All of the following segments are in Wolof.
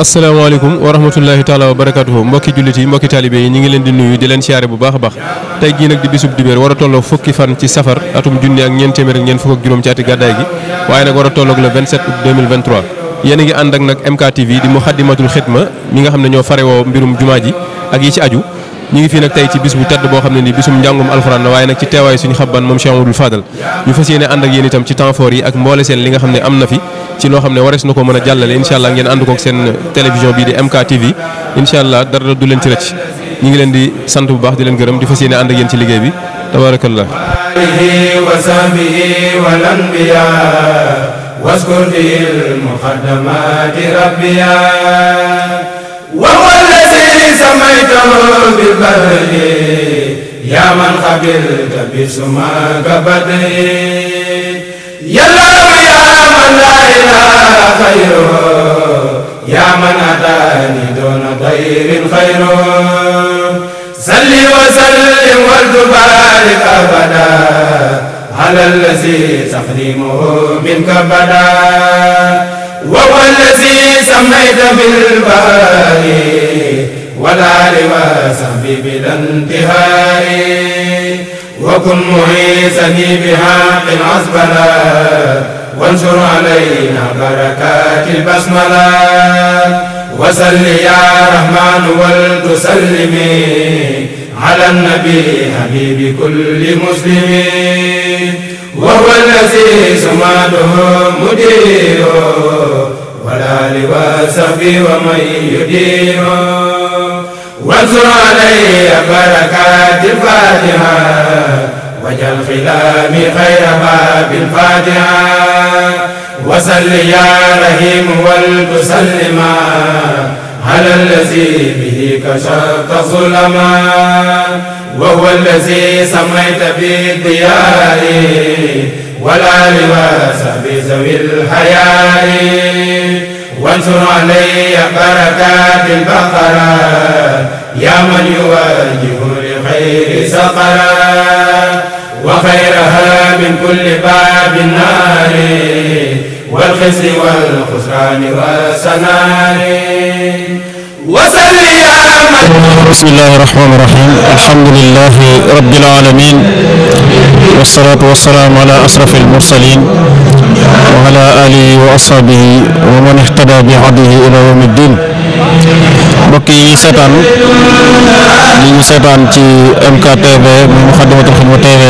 asalaamaaleykum wa rahmatullahi taala wa barakatuhu mbokki jullit yi mbokki taalibé yi ñu ngi leen di nuyu di leen siyaare bu baax a baax tey jii nag di bisub dibéer war a tolloo fukki fan ci safar atum junni ak ñeent téeméer ñeent fukk ak juróom ci ati gàddaay gi waaye nag war a tolloog le 27 a ngi ànd ak nag MKTV di Muxaddamatul Xidma mi nga xam ne ñoo farewoo mbirum jumaa ji ak yi ci aju ñu ngi fi nag tey ci bis bu tedd boo xam ne ni bisum njàngum alxuraan la waaye nag ci teewaay suñu xabban moom Cheikh Amadou Fadal ñu fas yéene ànd ak yéen itam ci temps yi ak mboole seen li nga xam ne am na fi ci loo xam ne warees na ko mën a jàllale incha allah ngeen ànd kook seen télévision bii di MKTV incha allah dara du leen ci rëcc ñu ngi leen di sant bu baax di leen gërëm di fas yéene ànd ak yéen ci liggéey bi tabaarakallah waskur fi al سميته بالبدر يا من قبلت بسماك بدر يا الله يا من لا إله غيره يا من أتاني دون غير خير صل وسلم وتبارك أبدا على الذي تقديمه منك بدا وهو الذي سميت بالباري ودار وصحبي بلا انتهاء وكن معيسني بحق العزبلة وانشر علينا بركات البسملة وسل يا رحمن ولتسلم على النبي حبيب كل مسلم وهو الذي سماده مدير ولا لواسف ومن يدير وانصر علي بركات الفاتحة وجعل خلامي خير باب الفاتحة وصل يا رحيم ولتسلما على الذي به كشفت الظلما وهو الذي سميت بالديار والآل وصحبه ذوي الحياء وانصر علي بركات البقرة يا من يواجه لخير سقرا وخيرها من كل باب النار والخزي والخسران والسنار وسل يا بسم الله الرحمن الرحيم الحمد لله رب العالمين والصلاة والسلام على أشرف المرسلين وعلى آله وأصحابه ومن اهتدى بهديه إلى يوم الدين mbokk yi ñu seetaan di ñu seetaan ci MKTV muy Moukhaddamatoul Khidma TV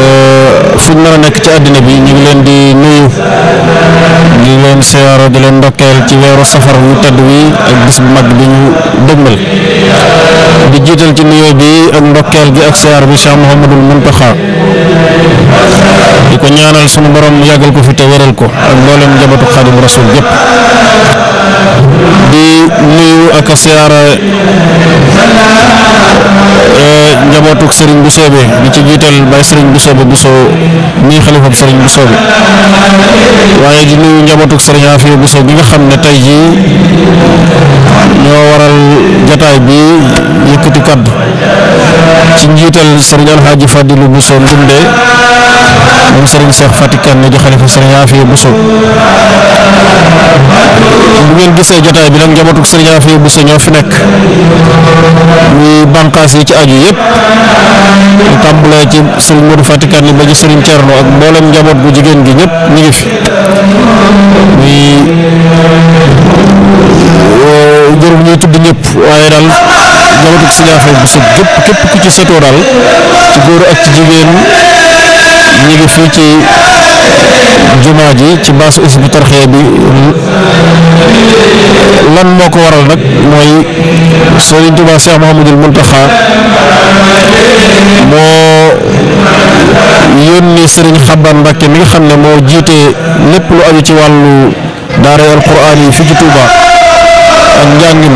euh, fu ñu mën a nekk ci àddina bi ñu ngi leen di nuyu di leen siyaaro di leen ndokkeel ci weeru safara wu tedd wi ak bis bu mag bi ñu dëgmal di jiital ci nuyoo bi ak ndokkeel gi ak siyaar bi Cheikh Mouhamadul Mountakha di ko ñaanal sunu borom yàggal ko fi te wéral ko ak mboolem njabootu Xaadimu Rasuul yëpp. di nuyu ak a siyaara eh, njabootuk Serigne bu Soobe di ci jiital bay Serigne bu Soobe bu soo mii xalifab Serigne bu Soobe waaye di nuyu njabootuk Serigne Afia bu soo bi nga xam ne tey jii ñoo waral jataay bi yëkkati kàdd ci njiital Serigne Alxaaji Fadilu bu soo Ndumbe moom Serigne Cheikh Fatikan ne di xalifa Serigne Afia bu soo ngeen gisee jotaay bi nag njabootu sëriñ bu Bousso ñoo fi nekk muy bànqaas yi ci aju yëpp ñu ci sëriñ Modou Fatikan ba ci sëriñ ak mboolem njaboot bu jigéen gi ñëpp ñu ngi fi muy jërëm ñuy tudd ñëpp waaye daal njabootu sëriñ Afia Bousso gépp képp ku ci setoo daal ci góor ak ci jigéen ñu ngi fii ci. jumaa ji ci baasu isbu tarxee bi lan moo ko waral nag mooy Sëriñ Tuubaa Cheikh Mouhamadoul Mountakha moo yónni Sëriñ Xabaan Mbàkke mi nga xam ne moo jiite lépp lu aju ci wàllu daara alquraan yi fii ci ak njàng mi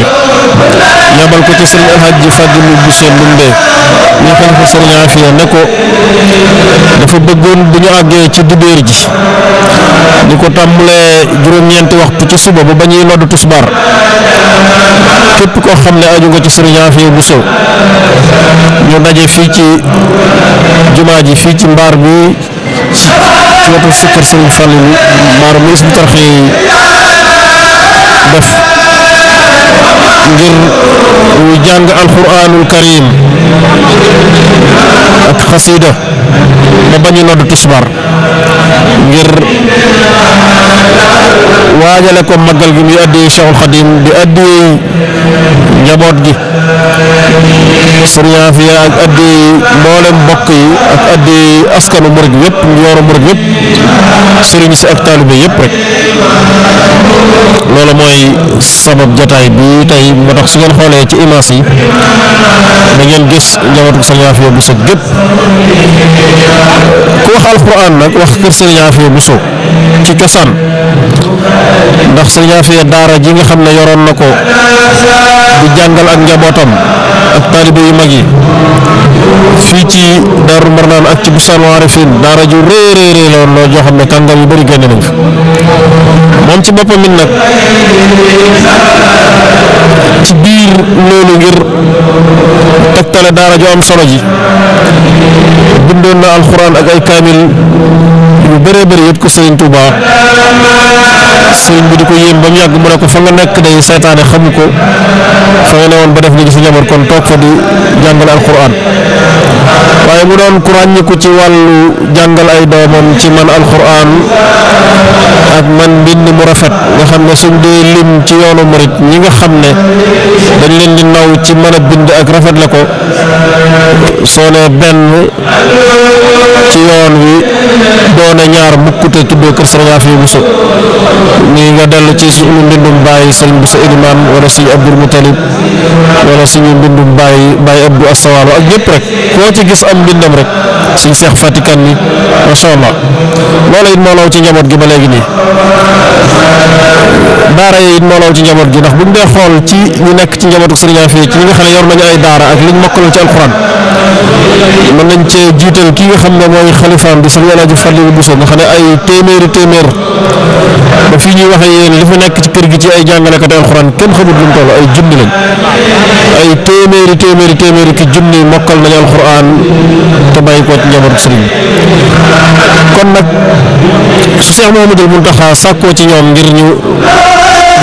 yabal ko ci sëriñ Alxaaji Fàdilu Buso Ndumbe ñu xel fa sëriñ Afiya ne ko dafa bëggoon bu ñu àggee ci dibéer ji ñu ko tàmbalee juróom-ñeenti waxtu ci suba ba ba ñuy nodd tusbaar képp koo xam ne aju nga ci sëriñ Afiya Buso ñu daje fii ci jumaa ji fii ci mbaar bi ci wetu si kër sëriñ Fàllu mbaar def ngir jàng alquranul karim ak xasida ba bañu nodd tisbar ngir waajale ko màggal gi muy addiyee Cheikhul Khadim di addiyee njaboot gi sëriñ Afia ak addi mboolem mbokk yi ak addi askanu murid yëpp yoonu murid yëpp sëriñ si ak taalibe yëpp rek loolu mooy sabab jataay bi tey moo tax su ngeen xoolee ci image yi da ngeen gis njabootu sëriñ Afia bu sa gépp ku wax alquran nag wax kër Serigne Afia Bousso ci cosaan ndax Serigne Afia daara ji nga xam ne yoroon na ko di jàngal ak njabootam ak taalibe yu mag yi fii ci Daaru Marnaan ak ci Bustaanul Aarifiin daara ju rëy rëy rëy la woon loolu xam ne kàngam yu bëri génne nañ fa moom ci boppam it nag ci biir loolu ngir. tegtale daara ju am solo ji bindoon na alxuraan ak ay kaamil yu bëree bëri ko sëriñ Touba sëriñ bi di ko yéem bañ mu yàgg mu ne ko fa nga nekk day saytaane xamu ko fa nga ne woon ba def ni ci njaboot kon toog fa di jàngale alxuraan waaye mu doon ci wàllu jàngal ay doomam ci man alxuraan ak man mbind mu rafet nga xam ne suñ dee lim ci yoonu murit ñi nga xam ne dañ leen di naw ci mën a bind ak rafet la ko soo ne benn ci yoon wi doona ñaar mukkute tuddoo kër Serigne Afia Bousso nii nga dellu ci suñu mbindum bàyyi Serigne Bousso Ilimane suñu Abdoul Moutalib wala suñu mbindum bàyyi bàyyi Abdou Assawaalo ak ñëpp rek koo ci gis am mbindam rek suñ Cheikh Fatikan ni macha allah loola it moo law ci njaboot gi ba léegi nii daara yooyu ci njaboot gi ndax buñ dee xool ci ñu nekk ci njabootu Serigne Afia ci ñi nga xam ne yor nañu ay daara ak liñ mokkaloo ci alxuraan mën nañ cee jiital ki nga xam ne mooy xalifaam di Serigne El Hadj Fallou Bousso nga ne ay téeméeri téeméer fii ñuy waxee li fa nekk ci kër gi ci ay jàngalekat alxuraan kenn xamut lu mu ay junni lañ téeméeri téeméeri téeméeri ki junni mokkal nañu alxuraan te bàyyi ci njabootu Serigne kon nag su Cheikh Mouhamadoul Mountakha sàkkoo ci ñoom ngir ñu.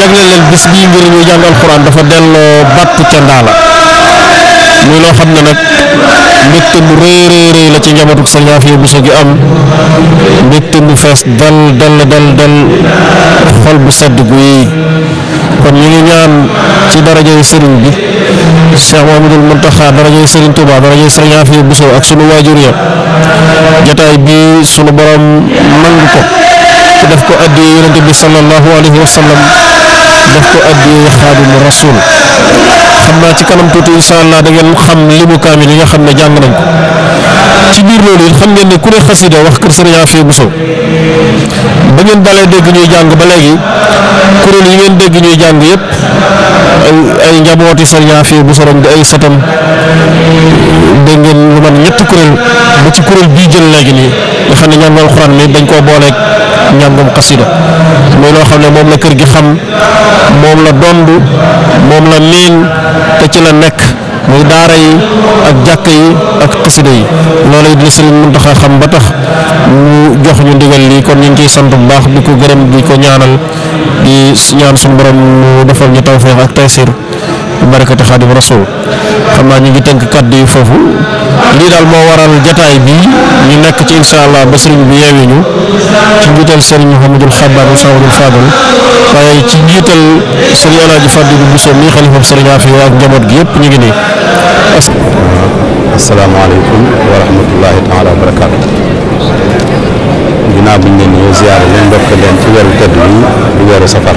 jagle leen bis bii ngir dafa delloo battu ca ndaala muy loo xam ne nag mbégte mu rëy rëy la ci njabootu sëñ Afia Bousso gi am mbégte mu fees dal dal dal dal xol bu sedd guy kon ñu ngi ñaan ci darajay sëriñ bi Cheikh Mamadou Mountakha darajay sëriñ Touba darajay sëriñ Afia ak sunu waajur ya jataay bi sunu borom nangu ko te def ko addi yonente bi sallallahu alayhi wa daf ko addi xaadimu rasul xam naa ci kanam tuuti incha allah da ngeen xam limu kaamil yi nga xam ne jàng nañ ko ci biir loolu xam ngeen ne ku ne xasida wax kër sëriñ Afia Bousso ba ngeen dalee dégg ñuy jàng ba léegi kuréel yi ngeen dégg ñuy jàng yëpp. ay ay njabooti Serigne Afia Bousso Rogne di ay satam dégg lu man ñetti kuréel ba ci kuréel bii jël léegi nii nga xam ne ñoom alxuraan mi dañ koo booleeg njàngum xasida muy loo xam ne moom la kër gi xam moom la dond moom la miin te ci la nekk. muy daara yi ak jàkk yi ak xasida yi loolu it la Sëriñ Muntaxa xam ba tax mu jox ñu ndigal li kon ñu ngi ciy sant bu baax bi ko gërëm di ko ñaanal di ñaan suñu borom mu defal ñu tawfeex ak taysir bi barakati xaadim rasul xam naa ñu ngi tenk kàdd yi foofu lii daal moo waral jataay bi ñu nekk ci incha allah ba sëriñ bi yeewee ñu ci njiital sëriñ Mouhamadul Xabaar Mouhamadul Fadal waaye ci njiital sëriñ El Hadj Fadilou Bousso mii xalifa sëriñ Afia ak njaboot gi yëpp ñu ngi nii. asalaamaaleykum wa rahmatullahi taala wa barakaatu. ginnaaw bi ñu leen di ziare ñu leen ci weeru tedd bi di weeru safar.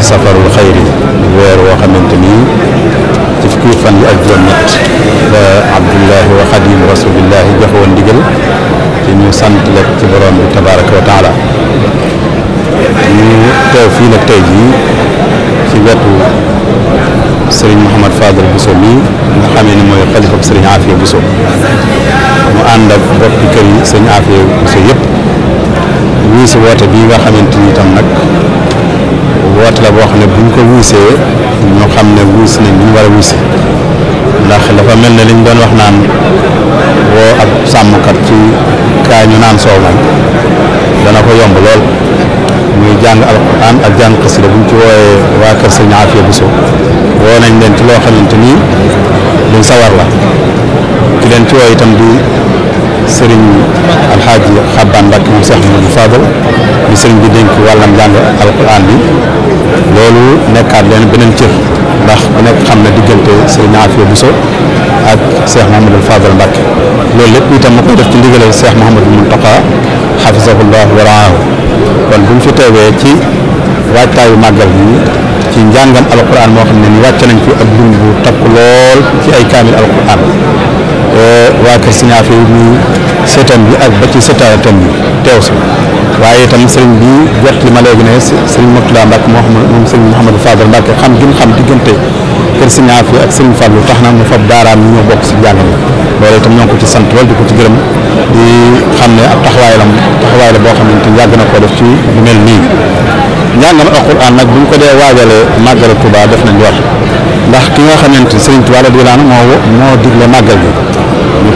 safarul xayri weer woo xamante ni ci fukki fan yi ak juróom-ñett la Abdullahi wa Xadim rasulillahi jox woon ndigal ci ñu sant la ci borom bi tabaraka wa taala ñu teew fii nag jii ci wetu mooy xalifa sëriñ Afia Bousso mu ànd ak boppi kër yi sëriñ Afia Bousso yëpp ñii si woote bii nga xamante ni tam woote la boo xam ne bu ñu ko wuusee ñu xam ne wuus ne ñu war a wuuse ndax dafa mel ne liñ doon wax naan woo ab sàmmkat ci kaay ñu naan soow nag dana ko yomb lool muy jàng alquran ak jàng xasida bu ñu ci wooyee waa kër sëñ Afia Bousso woo nañ leen ci loo xamante ni luñ sawar la ki leen ci woo itam di sëriñ alxaaji xabbaan Mbàkke moom Seex Muhamadu Faadal ñu sëriñ bi dénk wàllam jàng alquran bi loolu nekkaat leen beneen cër ndax bu nekk xam ne diggante sëriñ Afia Buso ak Seex Muhamadu Faadal Mbàkke loolu lépp itam ma koy def ci ndigalal Seex Muhamadu Muntaqa xafisahullah waraahu kon bu ñu fi teewee ci waajtaayu màggal bi ci njàngam alquran moo xam ne ni wàcc nañ fi ak dund bu takk lool ci ay kaamil alquran waa kër Sëriñ Afia ñu seetaan bi ak ba ci seetaatam bi teew si waaye itam sëriñ bi jot li ma léegi ne sëriñ Mourtada Mbacke moo xam moom sëriñ Mouhamadou Fadal Mbacke xam gi xam diggante kër si ñaafi ak sëriñ Fallou tax na mu fab daaraam ñu ñoo bokk si jàng mi loolu itam ñoo ko ci sant lool di ko ci gërëm xam ne ab taxawaay la taxawaay boo xamante ni yàgg na koo def ci lu mel nii njàngam alquran nag bu ñu ko dee waajalee màggal Touba def na war ndax ki nga xamante sëriñ Touba la di laan moo moo digle màggal bi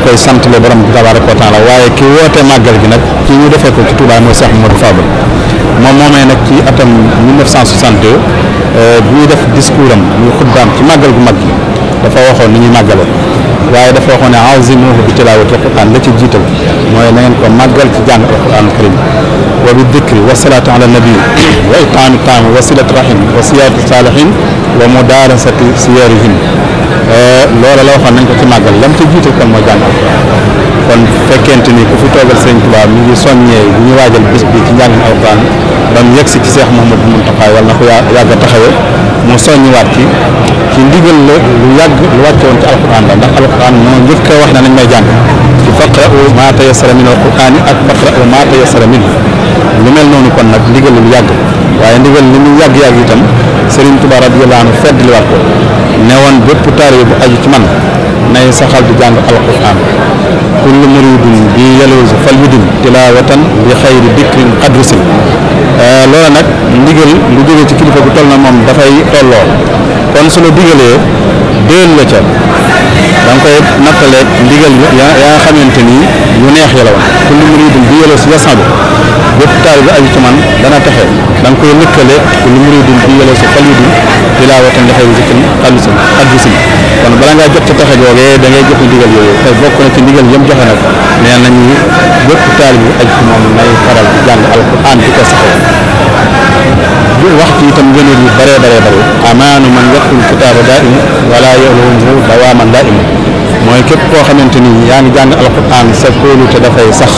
koy santale borom bi tabaaraka wa taala waaye ki woote màggal gi nag ci ñu defee ko ci Touba mooy Cheikh Modou Fadal moom moomee nag ci atam 1962 euh, bu ñuy def discours am ñu xutbaam ci màggal gu mag gi dafa waxoon ni ñu màggale waaye dafa waxoon ne azimuhu bi tilaawatil qur'aan la ci jiital mooy na ngeen ko màggal ci jàng alqur'aanul kariim wa bi dikri wa salaatu ala nabi wa itaami taami wa silati rahim wa siyaadati saalihin wa mudaarasati siyarihim loola la waxoon nañ ko ci màggal lam ci jiital kon mooy jàng alqur'aan kon fekkente ni ku fi toogal sëñ Tuubaa mi ngi soññee bu ñu waajal bis bi ci njàngin alqur'aan ba mu si ci Seex Mouhamadou Mountakha yàlla na ko yàgg a taxawee mu soññiwaat ci ci ndigal la lu yàgg lu wàcce woon ci alquran la ndax alquran moo njëkk a wax ne nañ may jàng ci faqra u maa tayassara min ak faqra u maa tayassara noonu kon nag ndigal lu yàgg waaye ndigal li muy yàgg itam Serigne Touba radiyallahu anhu feddliwaat ko ne woon bépp taari bu aju ci man nay saxal di jàng alquran kullu muridun bi yaloosu fal yudum tilawatan bi xayri dikrin qadrusin Euh, loola nag ndigal lu jóge ci kilifa bu toll na moom dafay tolloo kon su la digalee déel la ca da nga koy nattaleeg ndigal ya yaa xamante ni yu neex ya la woon kullu muridin bi yële si bépp taalibe aju ci man dana texe da nga koy lëkkale ku lu muridin bi yële si xel yi di di laa watan dafay zikkin xaddu si xaddu si kon bala ngaa jot ca texe googee dangay ngay jot ndigal yooyu te bokk na ci ndigal yëm joxe nag nee nañu bépp taalibe aju ci moom nay faral di jàng alquran di ko saxee waxtu itam ngëneel yu bare bare bare amaanu man yaqul kitaaba daa'im wala ya'luhu dawaaman daa'im mooy képp koo xamante ni yaa ngi jàng alquran sa kóolu te dafay sax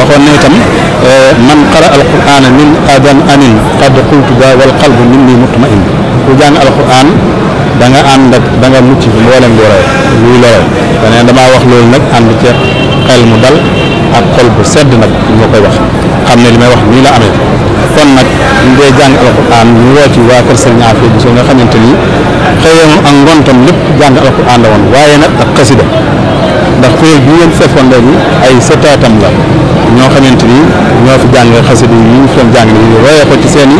waxoon na tam eh, man qara alqur'ana min adan amin qad qultuba wal qalbu minni mutma'in ku jàng alqur'an da nga ànd ak da nga mucc ci mboolem bu rew luy loroo daneen wax loolu nag ànd ci xel mu dal ak xol bu sedd nag moo koy wax xam ne li may wax nii la amee kon nag ñu dee jàng alquran ñu woo ci waa kër Serigne Afia Bousso nga xamante ni xëyam ak ngontam lépp jàng alquran la woon waaye nag ak xasida ndax kuréel bi ngeen sefoon léegi ay sëtaatam la ñoo xamante ni ñoo jàng xasida yi ñu fi doon jàng ni royee ko ci seen i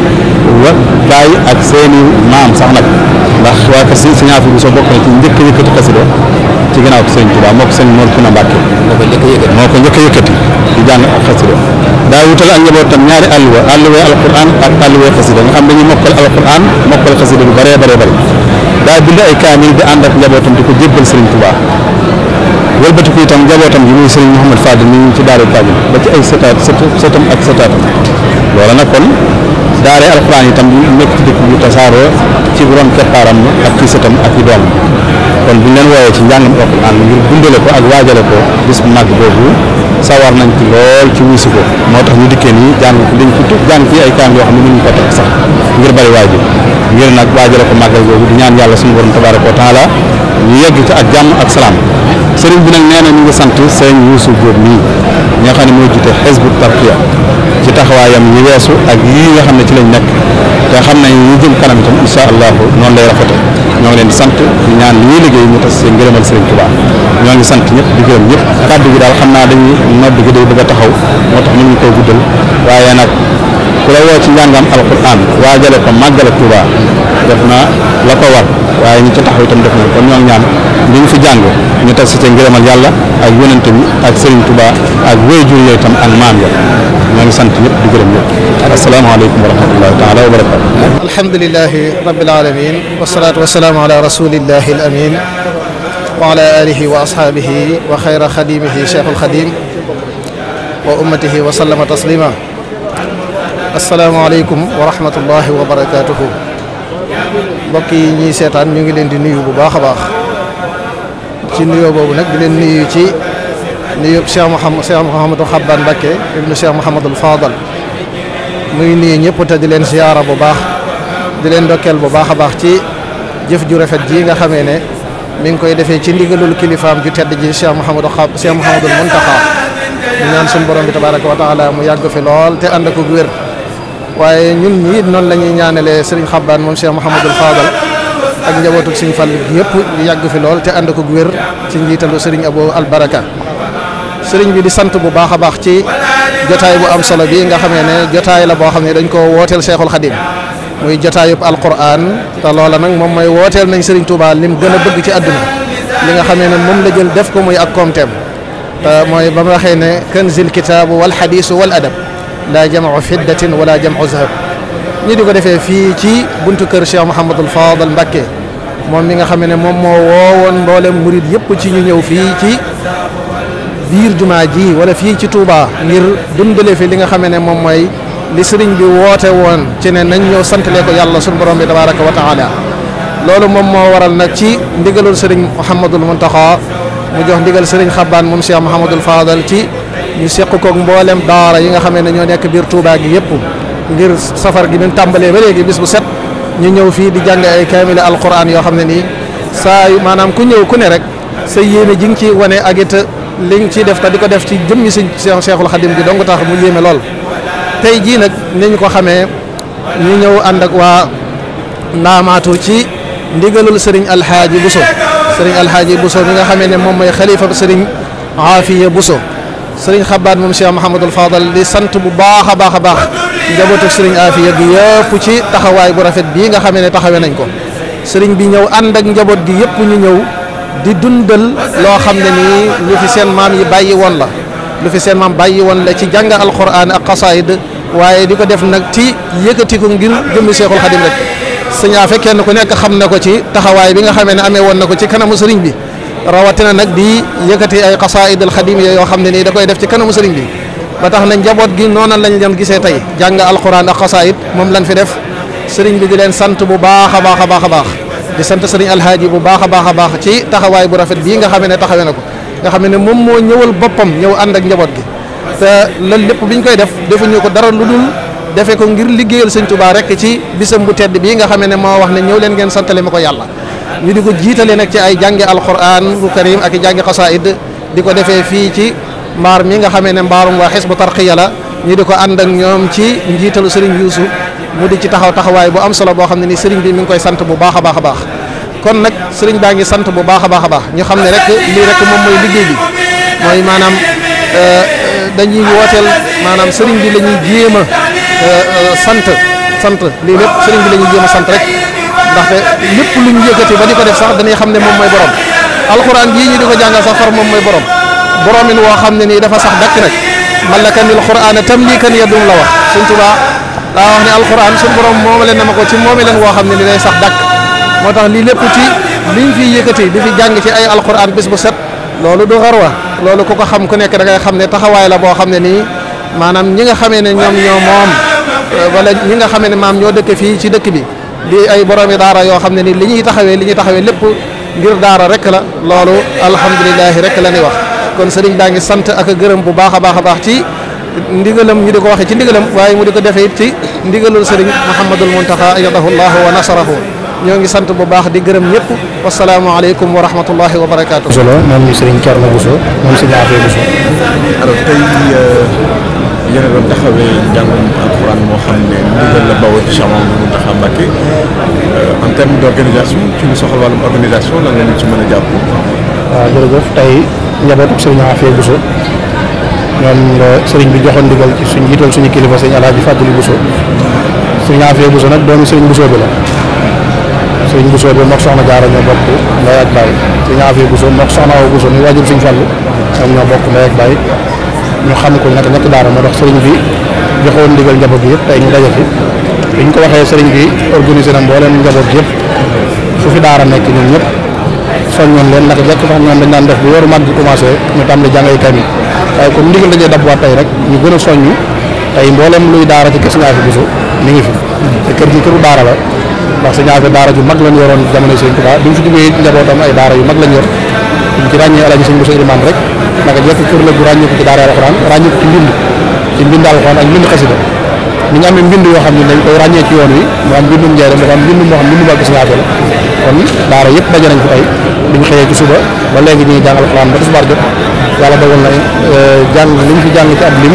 wa baay ak seen i maam sax nag ndax waa kasi Sëñ Afi Buso bokk na ci njëkk a yëkkati xasida ci ginnaaw Sëñ Tuubaa moo ko sëñ Mor Kuna Mbàkke moo ko njëkk a yëkkati di jàng ak xasida daa wutal ak njabootam ñaari àll àlluwa alquran ak àlluwa xasida nga xam dañuy mokkal alquran mokkal xasida bu bëree bëree bëri daa bind ay kaamil di ànd ak njabootam di ko jébbal Sëriñ Tuubaa wëlbatiku itam tam bi muy Serigne Mouhamad Fadil mi ngi ci daaru Fadil ba ci ay sëtaat sëtam ak sëtaatam loola nag kon daare alxuraan itam nekk ci dëkk bi tasaaroo ci borom keppaaram ak ci sëtam ak ci doom kon bu ñu leen wooyee ci njàngam alxuraan ngir dundale ko ak waajale ko bis bu màgg boobu sawar nañ ci lool ci wuusi ko moo tax ñu dikkee nii jàng dañ ci jàng ci ay kaam yoo xam ne mënuñu ko teg sax ngir bari waay bi ngir nag waajale ko màggal boobu di ñaan yàlla suñu borom tabaaraka wa taala ñu yegg ci ak jàmm ak salaam sëriñ bi nag nee na ñu ngi sant sëriñ Yuusu Jóob nii nga xam ne moo jiite xisbu tarkiya ci taxawaayam yi weesu ak yii nga xam ne ci lañ nekk te xam nañ ñu jëm kanam itam incha allahu noonu lay rafete ñoo leen di sant ñaan li ñuy liggéey mu tas seen ngërëmal Sëriñ Tuubaa ñoo ngi sant ñëpp di gërëm ñëpp kàddu gi daal xam naa dañuy nodd gi day bëgg a taxaw moo tax ñu ngi koy guddal waaye nag ku la woo ci njàngam alquran waajale ko màggale Tuuba def na la ko war waaye ñi ci taxaw itam def na kon ñoo ngi ñaan li ñu fi jàng ñu teg si ca ngërëmal yàlla ak yonent bi ak Serigne Touba ak waajur yooyu itam ak maam ya ñoo ngi sant ñëpp di gërëm ñëpp asalaamaaleykum wa rahmatullahi taala wa barakaatu alhamdulilahi rabbil alamin wasalaatu wasalaamu ala rasulillahi al amin wa ala alihi wa ashaabihi wa xayra xadimihi cheikhul xadim wa ummatihi wa sallama taslima asalaamaaleykum wa rahmatullahi wa barakaatuhu mbokk yi ñuy seetaan ñu ngi leen di nuyu bu baax a baax ci nuyoo boobu nag di leen nuyu ci nuyu Cheikh Mouhamad Cheikh Mouhamadou Xabbaan Mbakke ibnu Cheikh Mouhamadul Fadal muy nuyu ñëpp te di leen ziyaara bu baax di leen dokkeel bu baax a baax ci jëf ju rafet ji nga xamee ne mi koy defee ci ndigalul kilifaam ju tedd ji Cheikh Mouhamadou Xab Cheikh Mouhamadul Muntaxa ñu ñaan suñu borom bi tabaaraka wa taala mu yàgg fi lool te ànd ak waaye ñun ñii it noonu la ñuy ñaanalee sëriñ Xabbaan moom Cheikh Mouhamadul Fadal ak njabootuk sëriñ Fall yëpp ñu yàgg fi lool te ànd ko wér ci njiitalu sëriñ Abo Albaraka sëriñ bi di sant bu baax a baax ci jotaay bu am solo bi nga xamee ne jotaay la boo xam ne dañ ko wooteel Cheikhul Khadim muy jotaayub alquran te loola nag moom mooy wooteel nañ sëriñ Touba lim gën a bëgg ci àdduna li nga xamee ne moom la jël def ko muy ak koomteem mooy ba mu waxee ne kanzil kitaabu wal xadiisu wal adab laa jam'u fiddatin wala jam'u zahab ñi di ko defee fii ci buntu kër Cheikh Mouhamadul Fadal Mbacké moom mi nga xam ne moom moo woowoon mboolem murid yëpp ci ñu ñëw fii ci biir jumaa ji wala fii ci Touba ngir dundale fi li nga xam ne moom mooy li sëriñ bi woote woon ci ne nañ ñëw santale ko yàlla sunu borom bi tabaaraka wa loolu moom moo waral nag ci ndigalul sëriñ Mouhamadul Muntaxa mu jox ndigal sëriñ Xabbaan moom Cheikh Mouhamadul Fadal ci. ñu seq koog mboolem daara yi nga xamee ne ñoo nekk biir Touba gi yëpp ngir safar gi ñu tàmbalee ba léegi bis bu set ñu ñëw fii di jàng ay kaamile alquran yoo xam ne nii saa maanaam ku ñëw ku ne rek sa yéeme ji nga ci wane ak it li nga ciy def te di ko def ci jëmmi si Seexul Xadim bi dong tax mu yéeme lool. tey jii nag ni ñu ko xamee ñu ñëw ànd ak waa ndaamaatu ci ndigalul sëriñ Alxaaji Buso sëriñ Alxaaji Buso mi nga xamee ne moom mooy xalifa sëriñ Aafiya sëriñ xabaat moom Cheikh Mouhamadul Fadal di sant bu baax a baax a baax njabootu sëriñ Afia gi yëpp ci taxawaay bu rafet bii nga xamee ne taxawee nañ ko sëriñ bi ñëw ànd ak njaboot gi yëpp ñu ñëw di dundal loo xam ne nii lu fi seen maam yi bàyyi woon la lu fi seen maam bàyyi woon la ci jàng alquran ak xasaayid waaye di ko def nag ci yëkkatiku ngir jëmmi Seexul Xadim rek sëñ Afia kenn ko nekk xam na ko ci taxawaay bi nga xamee ne amee woon na ko ci kanamu sëriñ bi. rawatina nag di yëkkati ay xasaayid al xadim yoo xam ne nii da koy def ci kanamu sëriñ bi ba tax na njaboot gi noonu lañ leen gisee tey jàng alquran ak xasaayid moom lañ fi def sëriñ bi di leen sant bu baax a baax a baax a di sant sëriñ alhaaji bu baax a baax a baax ci taxawaay bu rafet bii nga xamee ne taxawee na ko nga xam ne moom moo ñëwal boppam ñëw ànd ak njaboot gi te lépp bi ñu koy def defuñu ko dara lu dul defee ko ngir liggéeyal sëñ Tuubaa ci bisam bu tedd bii xam ne moo wax ne ñëw leen ngeen santale ma ko yàlla ñu di ko jiitalee nag ci ay jàngi alquran bu karim ak i jàngi xasaid di ko defee fii ci mbaar mi nga xamee ne mbaarum waa xisbu tarqiya la ñu di ko ànd ak ñoom ci njiitalu sëriñ Yuusu mu di ci taxaw taxawaay bu am solo boo xam ne nii sëriñ bi mu ngi koy sant bu baax a baax a baax kon nag sëriñ baa ngi sant bu baax a baax a baax ñu xam ne rek lii rek moom mooy liggéey bi mooy maanaam euh, euh, dañuy wooteel maanaam sëriñ bi la ñuy jéem a euh, sant sant lii lépp sëriñ bi la ñuy jéem a sant rek ndaxte lépp lu ñu yëkkati ba di ko def sax dañuy xam ne moom mooy borom alxuraan jii ñu di ko jàngal sax far moom mooy borom boromin woo xam ne nii dafa sax dakk nag malakanil quraana tamlikan yadum la wax suñ tubaa daa wax ne alxuraan suñ borom mooma leen na ma ko ci moomi leen woo xam ne ni day sax dakk moo tax lii lépp ci liñ fi yëkkati di fi jàng ci ay alxuraan bis bu set loolu du xarwa loolu ku ko xam ku nekk da ngay xam ne taxawaay la boo xam ne nii maanaam ñi nga xamee ne ñoom ñoo moom wala ñi nga xamee ne maam ñoo dëkk fii ci dëkk bi di ay boroomi daara yoo xam ne ni li ñuy taxawee li ñuy taxawee lépp ngir daara rek la loolu alhamdulilahi rek la ñuy wax kon sëriñ daa ngi sant ak gërëm bu baax a baax a baax ci ndigalam ñu di ko waxee ci ndigalam waaye mu di ko defee it ci ndigalul sëriñ Muhammadul Muntaxa ayadahu llahu wa nasarahu ñoo ngi sant bu baax di gërëm ñëpp wasalaamaaleykum wa rahmatullahi wa barakaatu. solo moom sëriñ Thierno Bousso moom sëriñ Afé Bousso. alors tey euh, yéen a doon taxawee njàngum alxuraan moo xam ne ndigal la bawoo ci Cheikh Mamadou Mountakha euh, mën a jàpp. waaw jërëjëf tey njabootu Serigne Afia ñoom la Serigne bi joxoon ndigal ci suñu jiital suñu kilifa Serigne Alaaji Fàttali Bousso Serigne Afia Bousso nag doomu Serigne Bousso bi la Serigne Bousso bi mook soxna Jaara ñoo bokk ndey ak baay Serigne Afia Bousso mook soxna Awa Bousso mi waajur Serigne Fallou ñoom ñoo bokk ndey ak baay ñu xam ko nag ñetti daara moo tax sëriñ bi joxoon ndigal njaboot yëpp tey ñu daje fi bi ñu ko waxee sëriñ bi organisé na mbooleem njaboot yëpp fu fi daara nekk ñun ñëpp soññoon leen naka jekk sax ñoom dañ daan def bu weeru mag bi commencé ñu tam di jàng ay kamil waaye comme ndigal dañuy dabwaat tey rek ñu gën a soññu tey mbooleem luy daara ci kës ngaa fi bisu mi ngi fi te kër gi këru daara la ndax sa ñaar daara ju mag lañ yoroon jamono Sëriñ Tuubaa bi mu fi njabootam ay daara yu mag lañ yor ñu ci ràññee alaji sëñ bu sa ilimaan rek naka jekk kër la bu ràññeeku ci daara alxuraan ràññeeku ci mbind ci mbind alxuraan ak mbind xasida ni ñu amee mbind yoo xam ne dañ koy ràññee ci yoon wi mu am mbindum njëriñ dafa am mbind moo xam mbind yëpp daje nañ fi tey bi ñu xëyee ci suba ba léegi ñu ngi jàng alxuraan ba tisbaar jot yàlla dogal na euh, jàng li ñu fi jàng ci ab lim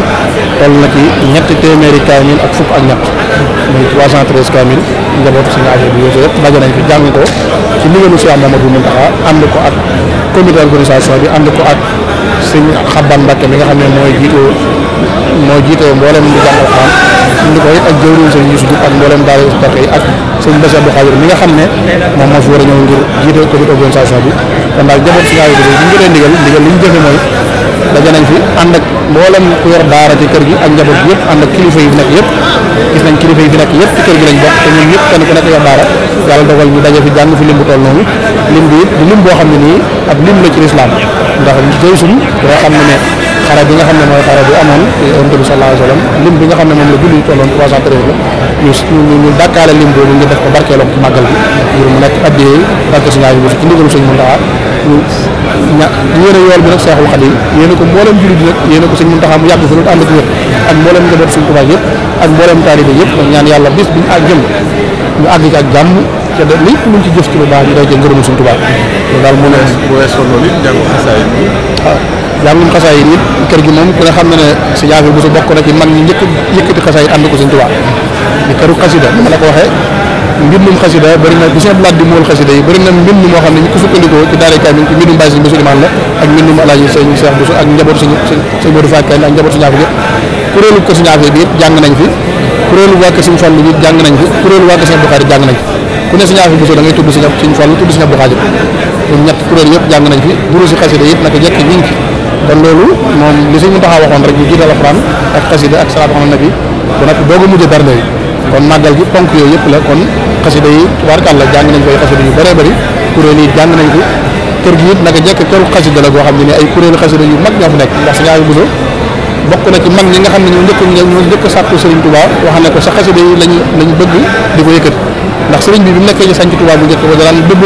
toll na ci ñetti téeméeri kaamil ak fukk ak ñett muy 313 kaamil njabootu suñu affaire bi yooyu yëpp daje nañ fi jàng ko ci ndigalu Cheikh Mamadou Mountakha ànd ko ak comité organisation bi ànd ko ak sëñ Xabban Mbacke mi nga xam ne mooy jiitu moo jiite mboolem di jàng alxuraan indi ko it ak jëwriñ sëñ Youssou Diop ak mboolem daara Hizbut yi ak sëñ Bassirou Abdou Khadir mi nga xam ne moom moo a ñëw ngir jiite comité organisation bi kon daal jaboot si daayira ku yor daara ci gi ak njaboot bi yëpp ànd ak kilifa yi fi nekk yëpp gis nañ kilifa yi fi nekk yëpp ci kër gi lañ bokk te ñun ñëpp kenn ku nekk xam ne nii ab lim la ci lislaam ndax jëy suñ doo xam ne ne xare bi nga xam ne mooy xare bi amoon yonent bi sallallahu alayhi wa sallam lim bi nga xam ne moom la julli tolloon 313 la ñu ñu ñu dàkkaale lim boobu ñu def ko barkeeloo ci màggal bi ngir mu nekk addiyee ña yéene yool bi nag Seexul Xadim yéene ko mboolem jullit ko sëñ Muntaxa mu yàgg fi loolu ànd ak ñëpp ak mboolem njaboot sëñ Tuubaa yëpp ak mboolem taalibe yëpp ñaan yàlla bis bi ñu àgg jëm ñu àgg ci ak jàmm ca da lépp luñ ci jëf ci lu baax ñu day jël ngërëmu suñu tubaab loolu jàngum ah, xasaay yi waaw jàngum xasaay yi kër gi moom ku ne xam ne ne si jaafi bu su bokk na ci mag ñi njëkk yëkkati xasaay yi ànd ko suñu tubaab di këru xasida bu seen laaj di mool xasida yi bëri na mbind moo xam ne ñu ko bi jàng nañ fi kuréelu waa kër sëñ Fallu bi jàng nañ fi kuréelu waa kër sëñ Buxaari jàng nañ fi ku si ñaar fi Bousso da tudd si ña suñ Fallu tudd si ña bu xaajib ñun ñett kuréel yëpp jàng nañ fi buru si xasida it naka ñett ñi ngi fi a mujj yi kon màggal gi ponk yooyu yëpp la kon xasida yi tubaarkàlla jàng nañ jàng nañ fi kër gi it naka jekk këru xasida la goo xam ne ay kuréel xasida yu mag ñoo fi nekk ndax si ñaar Bousso bokk na ci mag ñi nga xam ne ñoo njëkk ñoo njëkk sàkku Serigne Touba wax ne ko sa xasida yi lañu bëgg di ko yëkkati ndax Serigne bi bi mu nekkee ci sànci Touba bu njëkk ko daan bëgg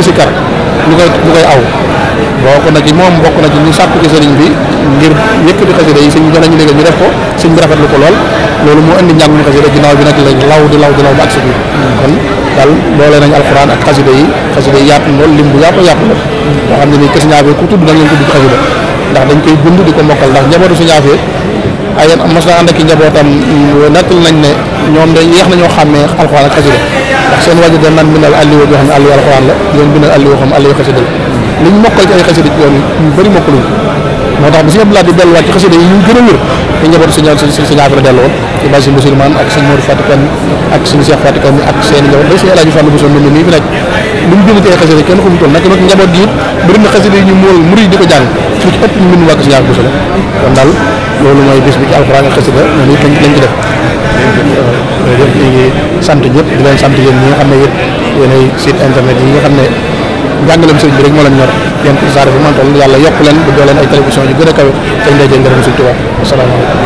koy ñu moom bokk na ci ñu sàkku ci bi ngir yëkkati xasida yi Serigne bi danañu léegi ñu def ko Serigne bi rafetlu ko lool loolu moo indi njàngum xasida ginnaaw bi nag lañ law di law di law ba ak si biir kon daal boole nañ alxuraan ak bu yaatu yaatu la boo xam ne ndax dañ koy bind di ko mokkal ndax njabootu si ñaafee ay mos naa ànd ak i njabootam nettal nañ ne ñoom de yéex nañoo xàmmee alxuraan ak xasida ndax seen wàjjo dañ naan bindal àlli yoo xam ne àlli alxuraan la leen la li ñu mokkal ci ay xasida ci yoon ñu bëri di delluwaat ci xasida yi ñu gën a wér ñu njabootu si kenn xamu toll nag nag njaboot gi bëri na xasida yi ñu mool murid di ko jàng lu ci ëpp ñu mbind wàgg sëñ Afra Basiru kon daal loolu mooy bis bi ci alxuraan ak xasida noonu it lañ ci def yëpp ñu ngi sant ñëpp di leen sant yéen ñi nga xam ne yëpp yéenay site internet yi nga xam ne njàngalem sëriñ bi rek moo leen ñor yéen ko saare fu man toll yàlla yokk leen bu doo leen ay télévision yu gën a kawe te ñu dajee si sëriñ Tuubaa asalaamaaleykum